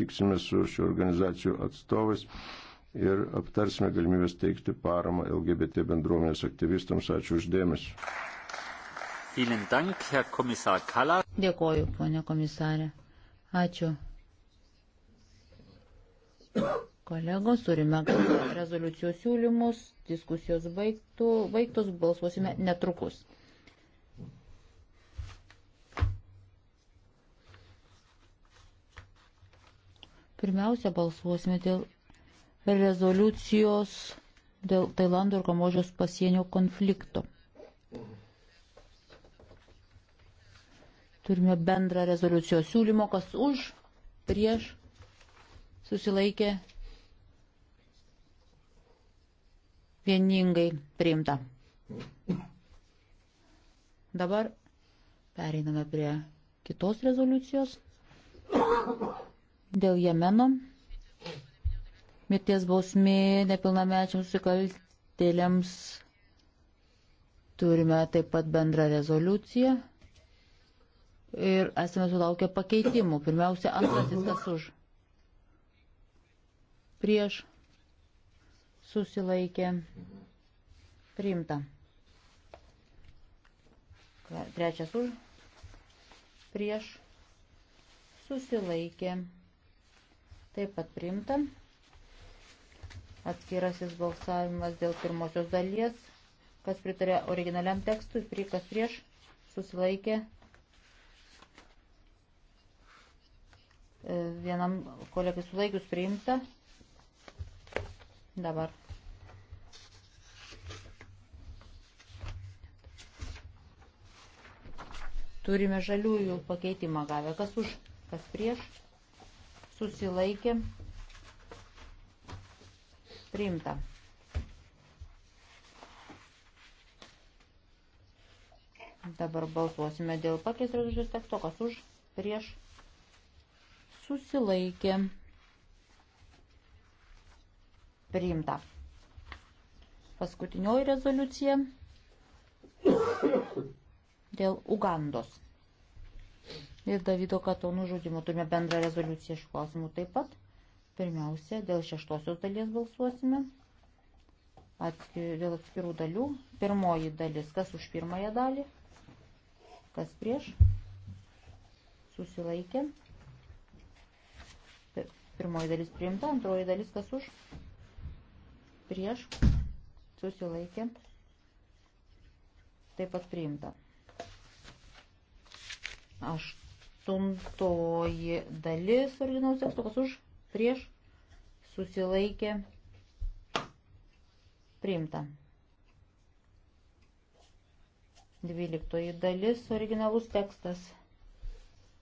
susitiksime su šių organizacijų atstovais ir aptarsime galimybės teikti paramą LGBT bendruomenės aktyvistams. Ačiū uždėmesi. Dėkoju, ponė komisarė. Ačiū. Kolegos, turime rezoliucijos siūlymus, diskusijos baigtų, baigtos, balsuosime netrukus. Pirmiausia, balsuosime dėl rezoliucijos dėl Tailando ir Kamodžios pasienio konflikto. Turime bendrą rezoliucijos siūlymo, kas už, prieš, susilaikė vieningai priimta. Dabar pereiname prie kitos rezoliucijos dėl Jemeno. Mirties bausmė nepilnamečiams nusikaltėliams. Turime taip pat bendrą rezoliuciją. Ir esame sulaukę pakeitimų. Pirmiausia, antrasis kas už. Prieš susilaikė. Priimta. Trečias už. Prieš susilaikė. Taip pat priimta. Atskirasis balsavimas dėl pirmosios dalies. Kas pritarė originaliam tekstui, prie kas prieš, susilaikė e, vienam kolegai sulaikius priimta. Dabar. Turime žaliųjų pakeitimą gavę. Kas už, kas prieš susilaikė, priimta. Dabar balsuosime dėl pakeisto rezoliucijos teksto, kas už, prieš, susilaikė, priimta. Paskutinioji rezoliucija dėl Ugandos ir Davido Katonų žudimo. Turime bendrą rezoliuciją iš klausimų taip pat. Pirmiausia, dėl šeštosios dalies balsuosime. Atskir, dėl atskirų dalių. Pirmoji dalis, kas už pirmąją dalį, kas prieš, susilaikė. Pirmoji dalis priimta, antroji dalis kas už, prieš, susilaikė, taip pat priimta. Aš aštuntoji dalis originalus teksto, kas už, prieš, susilaikė, priimta. Dvyliktoji dalis originalus tekstas,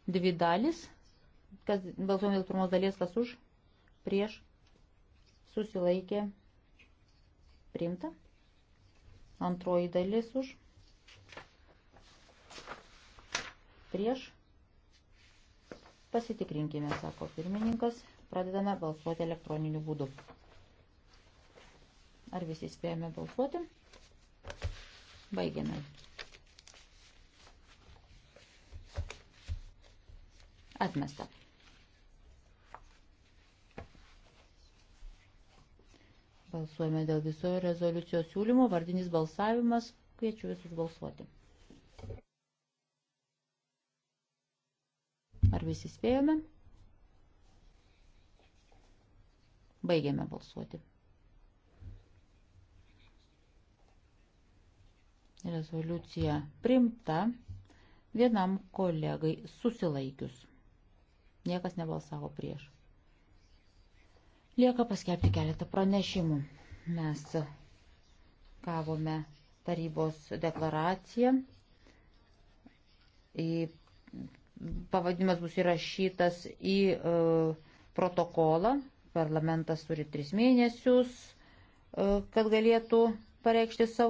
dvi dalis, kas balsuojame dėl pirmos dalies, kas už, prieš, susilaikė, priimta. Antroji dalis už, prieš, Pasitikrinkime, sako pirmininkas, pradedame balsuoti elektroniniu būdu. Ar visi spėjome balsuoti? Baigiame. Atmesta. Balsuojame dėl viso rezoliucijos siūlymo. Vardinis balsavimas. Kviečiu visus balsuoti. Ar visi spėjome? Baigėme balsuoti. Rezoliucija primta vienam kolegai susilaikius. Niekas nebalsavo prieš. Lieka paskelbti keletą pranešimų. Mes gavome tarybos deklaraciją į Pavadinimas bus įrašytas į e, protokolą. Parlamentas turi tris mėnesius, e, kad galėtų pareikšti savo.